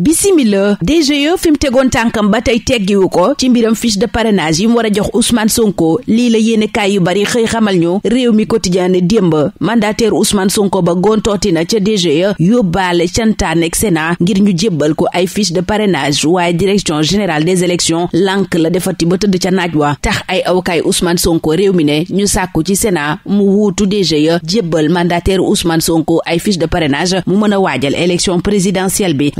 bisimila DGE fi mu tegoon tànkam ba tey teggiwu ko ci mbiram fiche de parrainage yi mu war a jox Ousmane Sonko lii la yéene yu bari xëy xamal ñu réew mi quotidien ne démb mandataire Ousmane Sonko ba gontooti na ca DGE yóbbaale cantaan ak Sénat ngir ñu jébbal ko ay fiche de parenage waaye direction général des élections lank la defati ba tëdd ca naaj wa tax ay awkaay Ousmane Sonko réew mi ne ñu sàkku ci Sénat mu wuutu DGE jébbal mandataire Ousmane Sonko ay fiche de parrainage mu mën a waajal élection présidentielle bi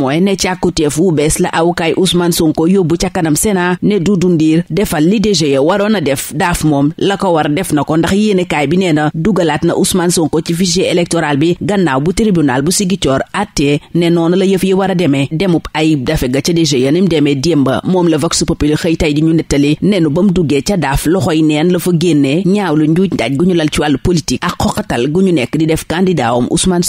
témoin ne càkkuteef wu bees la awkaay Ousmane Sonko yóbbu ca kanam Sénat ne Doudou Ndir defal li DGE waroon a def daaf moom la ko war def na ko ndax yéenekaay bi nee na dugalaat na Ousmane Sonko ci fichier électoral bi gannaaw bu tribunal bu Sigicoor àttee ne noonu la yëf yi war a demee demub Ayib Daffé ga ca DGE mu demee démba moom la Vox Populi xëy di ñu nettali nenu ba duggee ca daaf loxoy neen la fa génnee ñaaw lu njuuj ndaaj gu ñu lal ci wàllu politique ak xoqatal gu ñu nekk di def candidat am Ousmane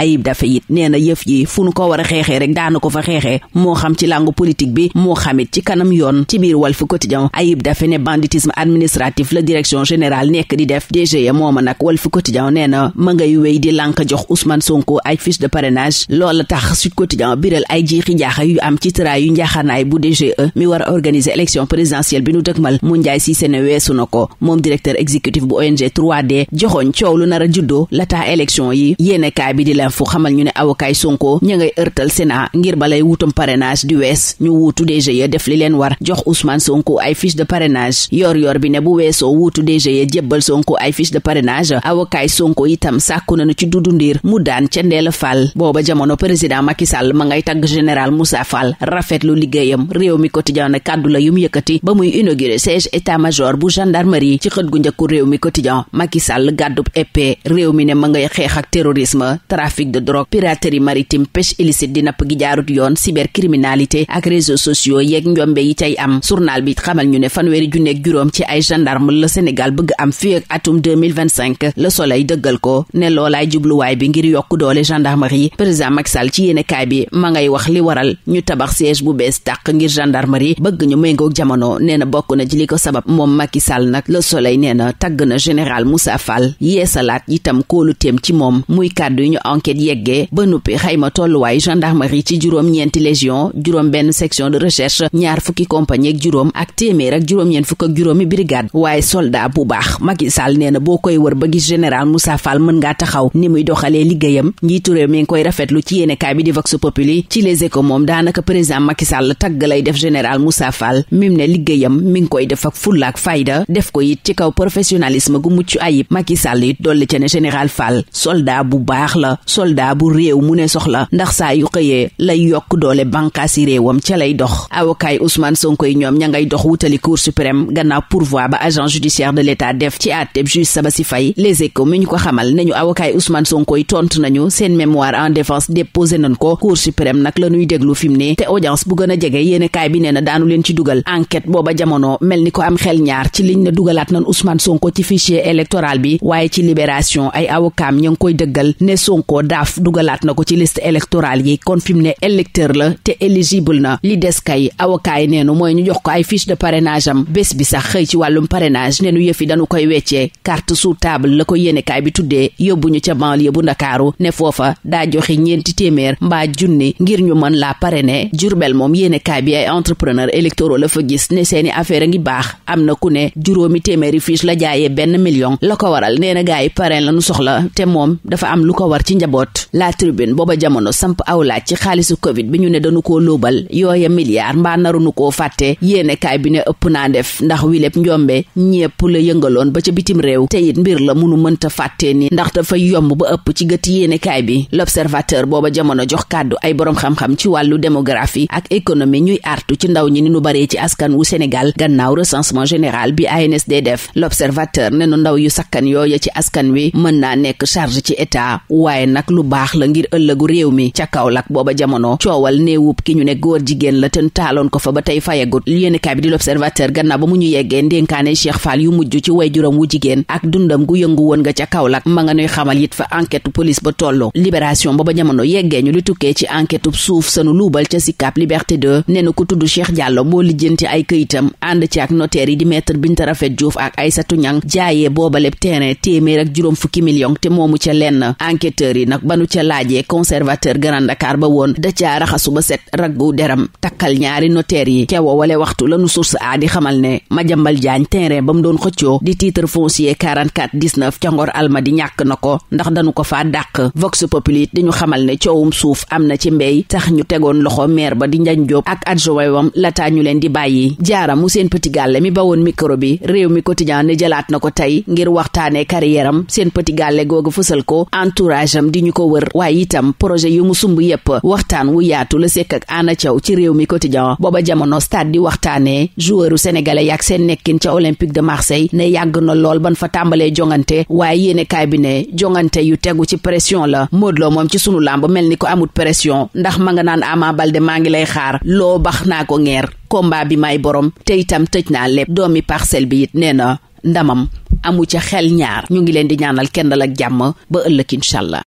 Ayib Daffé it nee yëf yi fu nu ko war a xeexee rek daanu ko fa xeexee moo xam ci làngu politique bi moo xamit ci kanam yoon ci biir Walf Quotidien Ayib Daffé ne banditisme administratif la direction générale nekk di def DGE mooma nag Walf Quotidien nee na ma ngay wéy di lànk jox Ousmane Sonko ay fiche de parrainage la tax Sud Quotidien biral ay jiixi jaaxa yu am ci traa yu njaaxanaay bu DGE mi war a organiser élection présidentielle bi nu dëkmal mu njaay si sene weesu na ko moom directeur exécutif bu d joxoñ coow lu nar a juddoo yi yéene kaay bi di leen fu xamal ñu ne awokaay Sonko ans ngir balay wutum parrainage du wees ñu wuutu DGE def li leen war jox Ousmane Sonko ay fiche de parrainage yor yor bi ne bu weesoo wuutu DGE jébbal Sonko ay fiche de parrainage awokaay Sonko itam sàkku nañu ci Doudou Ndir mu daan ca Ndeela booba jamono président Macky ma ngay tagg général Moussa Fall rafetlu liggéeyam réew mi quotidien ne kàddu la yum yëkkati ba muy inauguré siège état major bu gendarmerie ci xët gu njëkku réew mi quotidien gi jaarut yoon cybercriminalité ak réseaux sociaux yeeg njombe yi cay am journal bi xamal ñu ne fanweeri junneeg juróom ci ay gendarme la Sénégal bëgg am fii ak atum la le soleil dëggal ko ne loolaay jubluwaay bi ngir yokk doole gendarmerie président Macky Sall ci yéenekaay bi ma ngay wax li waral ñu tabax siège bu bees tàq ngir gendarmerie bëgg ñu méngoog jamono nee na bokk na ci li ko sabab moom Macky Sall nag le soleil nee na tagg na général musa Fall yeesalaat itam kóolu téem ci moom muy kàddu ci juróom-ñeenti légion juróom benn section de recherche ñaar fukki compagnie ak juróom ak téeméer ak juróom-ñeent fukk ak juróomi brigade waaye soldat bu baax Macky Sall nee na boo koy wër ba gis général musa Fall mën ngaa taxaw ni muy doxalee liggéeyam njiitu réew mi ngi koy rafetlu ci yéenekaay bi di Vox Populi ci Les ko moom daanaka président Macky Sall tagg lay def général musa Fall mim ne liggéeyam mi ngi koy def ak fulla ak fayda def ko it ci kaw professionnalisme gu mucc ayib Macky Sall dolli ca ne général Fall soldat bu baax la soldat bu réew mu ne soxla ndax saa yu xëyee lay yokk doole bànqaas yi réewam ca lay dox awokaay Ousmane Sonko yi ñoom ña ngay dox wutali cour suprême gannaaw pourvoi ba agent judiciaire de l'état def ci àtteb juge Sabassy Faye les échos mi ñu ko xamal nañu awokaay Ousmane Sonko yi tontu nañu seen mémoire en défense déposé nañ ko cour suprême nag la ñuy déglu fi mu ne te audience bu gën a jege yéene kaay bi nee na daanu leen ci dugal enquête booba jamono mel ni ko am xel ñaar ci liñ na dugalaat nañ Sonko ci fichier électoral bi waaye ci libération ay awokaam ña ngi koy dëggal ne Sonko ko ci liste électorale ne électeur la te éligible na li des kay avocat yi neenu mooy ñu jox ko ay fiche de parrainage am bés bi sax xëy ci wàllum parrainage neenu yëf yi dañu koy weccee carte sous table la ko yéenekaay bi tuddee yóbbu ñu ca banlieue bu ndakaaru ne foofa daa joxe ñeenti téeméer mbaa junni ngir ñu mën laa parrainer Jurbel moom yéenekaay bi entrepreneur électoraux la fa gis ne seeni affaire a ngi baax am na ku ne juróomi téeméeri fiche la jaayee benn million la ko waral nee na gaa yi parrain la nu soxla te moom dafa am lu ko war ci njaboot la tribune booba jamono samp aw xaalisu covid bi ñu ne dañu koo lóobal yooya milliard mbaa nu koo fàtte yéene kaay bi ne ëpp naa def ndax wi lépp njombe ñépp la yëngaloon ba ca bitim réew te it mbir la munu mënta fàttee ni ndax dafa yomb ba ëpp ci gëtt yéene kaay bi l'observateur booba jamono jox kàddu ay boroom xam-xam ci wàllu demografi ak économie ñuy artu ci ndaw ñi ni nu baree ci askan wu Sénégal gannaaw recensement général bi ANSD def l'observateur ne nu ndaw yu sakkan yooy ci askan wi mën naa nekk charge ci état waaye lu baax la ngir booba jamono coowal néewub ki ñu ne góor jigéen la tën taaloon ko fa ba tey fayagut yéenekaay bi di l'observateur gannaaw ba mu ñu yeggee ndénkaane Cheikh Fall yu mujj ci way juróom wu jigéen ak dundam gu yëngu woon nga ca Kaolack ma nga nuy xamal it fa enquête police ba tolloo libération ba ba jamono yeggee ñu li tukkee ci enquête suuf sanu luubal ca Sicap Liberté 2 nee tudd Cheikh Diallo moo lijjanti ay këyitam ànd ci ak notaire yi di maître Binta Rafet Diouf woon da caa raxasu ba set raggu deram takkal ñaari notaire yi ca woowale waxtu lanu source a di xamal ne Madiambal Diagne terrain ba mu doon xëccoo di titre foncier 44 19 ca Ngor Almadi ñàkk na ko ndax dañu ko faa dàq Vox Populi di ñu xamal ne coowum suuf am na ci mbey sax ñu tegoon loxo maire ba di Njañ Jóob ak adjoint wam lataa ñu leen di bàyyi jaara mu seen petit gàlle mi woon micro bi réew mi quotidien ne jëlaat na ko tey ngir waxtaane carrière am seen petit gàlle googu fësal ko entourage am di ko wër waxtaan wu yaatu la sekk ak Anna Thiaw ci réew mi quotidien booba jamono stade di waxtaanee joueuru sénégalais yaak seen nekkin ca olympique de marseille ne yàgg na lool ban fa tàmbalee jongante waaye yéenekaay bi ne jongante yu tegu ci pression la Modou Lo moom ci sunu làmb mel ni ko amut pression ndax ma nga naan amaa balde maa ngi lay xaar loo bax naa ko ngeer combat bi may borom te itam tëj naa lépp doomi parcelle bi it nee na ndamam amu ca xel ñaar ñu ngi leen di ñaanal kenn dal jàmm ba ëllëg incha